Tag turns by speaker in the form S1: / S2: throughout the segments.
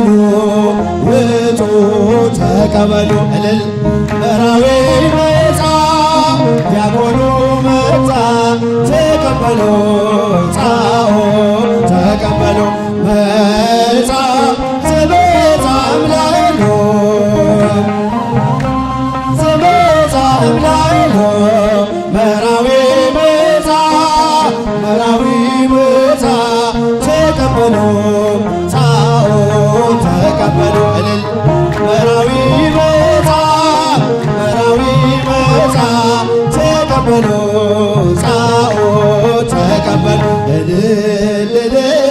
S1: ተቀበሉ ውጡ ተቀበሉ እልል መራዊ መጣ ዲያቆኑ መጣ ተቀበሉ ጻኦ ተቀበሉ መጣ ዘበጣ ምላይሎ ዘበጣ ምላይሎ መራዊ መጣ መራዊ መጣ ተቀበሉ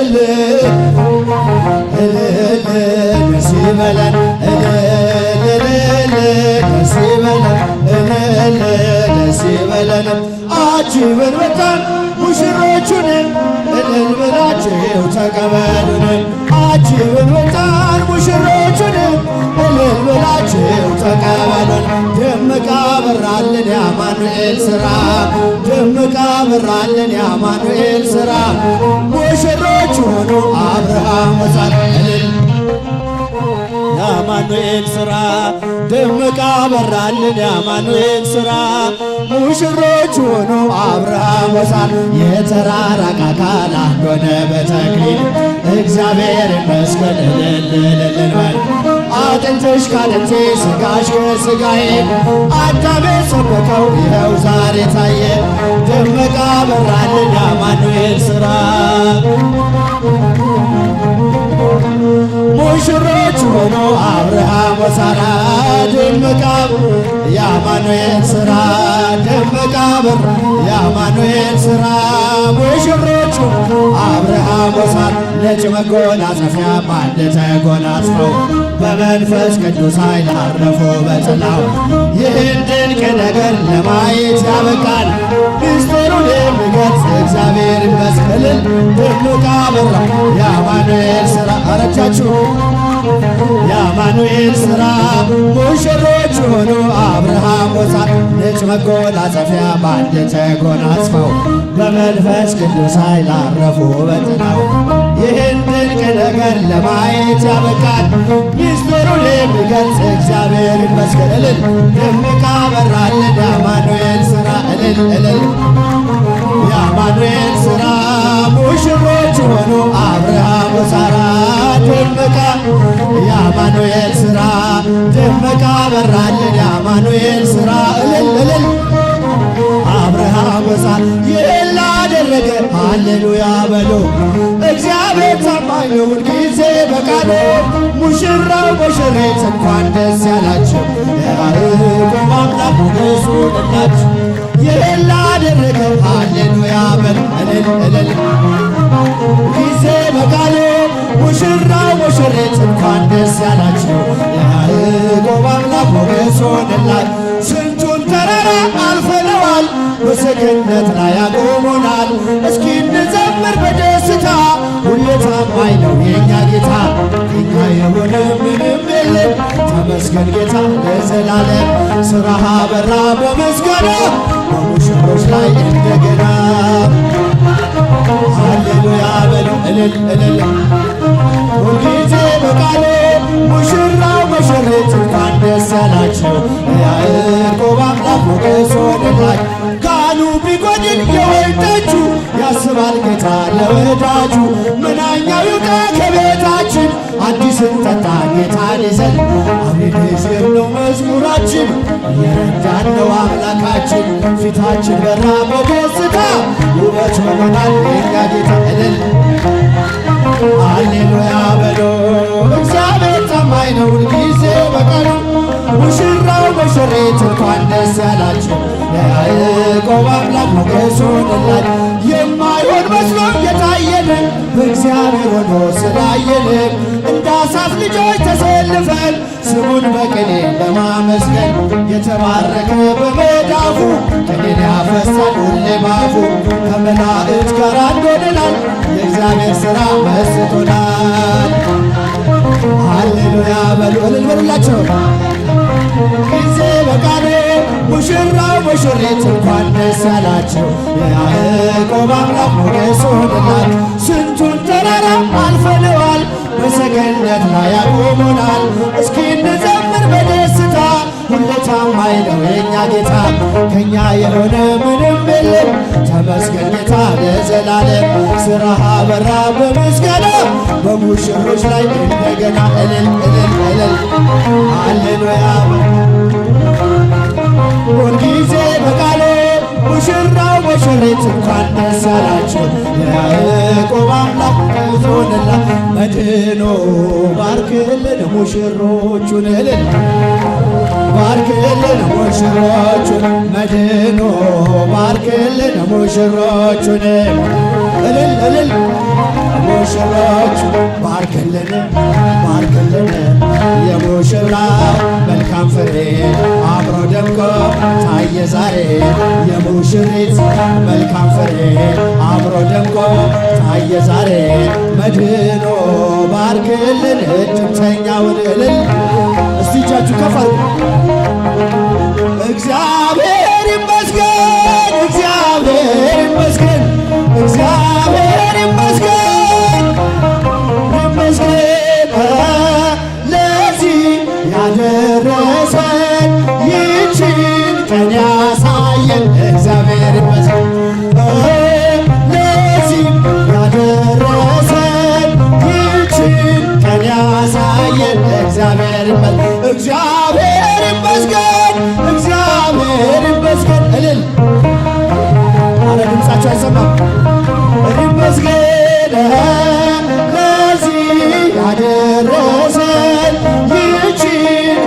S1: እልል አጅበን በጣም ሙሽሮቹንም እልል ብላችሁ ተቀበሉንም አጅበን በጣም ሙሽሮቹንም እልል ብላችሁ ተቀበሉ ደምቃ በራልን የአማኑኤል ስራ ደምቃ በራልን የአማኑኤል ስራ ሙሽሮች ሆኑ አብርሃም ወሳት የአማኑኤል ስራ ደምቃ በራልን የአማኑኤል ስራ ሙሽሮች ሆኑ አብርሃም ወሳት የተራራቀ አካል አንድ ሆነ በተክሊል እግዚአብሔር ይመስገን እልል አጥንትሽ ካጥንቴ ሥጋሽ ከሥጋዬ አዳሜ ሰበከው ይኸው ዛሬ ታየ። ደመቃ በራልና አማኑኤል ሥራ ሙሽሮች ሆኖ አብርሃም ወሳራ ደመቃ የአማኑኤል ሥራ ደመቃ በር የአማኑኤል ሥራ ሙሽሮቹ አብርሃም ወሳር ነጭ መጎናጸፊያ ማንደ ተጎናጽፈው በመንፈስ ቅዱስ ኃይል አረፎ በጽላው ይህን ድንቅ ነገር ለማየት ያበቃል። ምስጢሩን የሚገልጽ እግዚአብሔር ይመስገን። ድምቅ አበራ የአማኑኤል ሥራ አረቻችሁ የአማኑኤል ሥራ ሙሽሮች ሆኑ አብርሃም ወሳት ነጭ መጎናጸፊያ በአንድ ተጎናጽፈው በመንፈስ ቅዱስ ኃይል አረፉ በጥናው። ይህን ድንቅ ነገር ለማየት ያበቃል ሚስጥሩን የሚገልጽ እግዚአብሔር ይመስገን። እልል ደምቃ በራልን የአማኑኤል ሥራ እልል እልል የአማኑኤል ሥራ ሙሽሮች ሆኑ አብርሃም ሳራ ደምቃ የአማኑኤል ሥራ ደምቃ በራልን የአማኑኤል ሥራ ይወሳል። ይህን ላደረገ ሃሌሉያ በሉ። እግዚአብሔር ታማኝ ነው ሁልጊዜ በቃሉ። ሙሽራው ሙሽሪት እንኳን ደስ ያላችሁ የያዕቆብ አምላክ ንጉሡ ልላችሁ ይህን ላደረገ ሃሌሉያ በሉ። እልል እልል ጊዜ በቃሉ ሙሽራው ሙሽሪት እንኳን ደስ ያላችሁ የያዕቆብ አምላክ ንጉሡ ልላችሁ ምስክርነት ላይ ያቆሙናል። እስኪ እንዘምር በደስታ ሁሌ ታማኝ ነው የእኛ ጌታ። የኛ የሆነ ምንም የለም ተመስገን ጌታ ለዘላለም። ስራህ በራ በምስጋና በሙሽሮች ላይ እንደገና ሃሌሉያ በሉ እልል እልል ሁልጊዜ በቃሌ ሙሽራው ሙሽሪት እንኳን ደስ ያላችሁ ጌታን ይዘን አቤቴዜብ ነው መዝሙራችን የረዳን ነው አምላካችን ፊታችን በራ በደስታ ውበት ሆኖናል የኛ ጌታ እልል አሌሉያ በሎ እግዚአብሔር ታማኝ ነው ሁልጊዜ በቃሉ ሙሽራው ሙሽሪት እንኳን ደስ ያላቸው ለያዕቆብ አምላክ ሞገስ ሆነላል የማይሆን መስሎ የታየንን በእግዚአብሔር ሆኖ ስላየንን የእሳት ልጆች ተሰልፈን ስሙን በቅኔ በማመስገን የተባረከ በመዳፉ ቅኔን ያፈሳል ሁሌ ባፉ ከመላእክት ጋር አንድ ሆነናል። የእግዚአብሔር ሥራ መስቶናል። ሃሌሉያ በሉ እልል ጊዜ በቃኔ ሙሽራው ሙሽሪት እንኳን ደስ ያላቸው የያዕቆብ አምላክ ሞገስ ሆነ ተመስገን ጌታ ለዘላለም ስራህ አበራ በምስጋና በሙሽሮች ላይ እንደገና እልል እልል እልል ሃሌሉያ ሁልጊዜ በቃሉ ሙሽራው ሙሽሪት እንኳን ደስ አላችሁ የያዕቆብ አምላክ ዞንላ መድኖ ባርክልን ሙሽሮቹን እልል ባርክልን ሙሽሮቹን መድኖ ባርክልን ሙሽሮቹን እልል እልል ሙሽሮቹ ባርክልን ባርክልን የሙሽራው መልካም ፍሬ አብሮ ደምቆ ታየ ዛሬ የሙሽሪት መልካም ፍሬ አብሮ ደምቆ ታየ ዛሬ መድኖ ባርክልን እድምተኛውን እልል ብላችሁ ከፋ እግዚአብሔር ይመስገን፣ እግዚአብሔር ይመስገን፣ እግዚአብሔር ይመስገን፣ ይመስገን ለዚህ ያደረሰን ይችን ቀን ድምጻችሁ አይሰማም። ይመስገን ለዚህ ያደረሰን ይህችን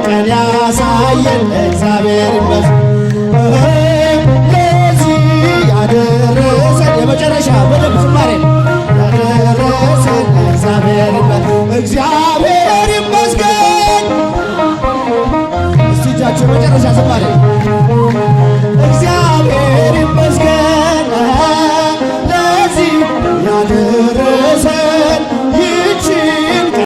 S1: ቀን ያሳየን እግዚአብሔር ይመስገን።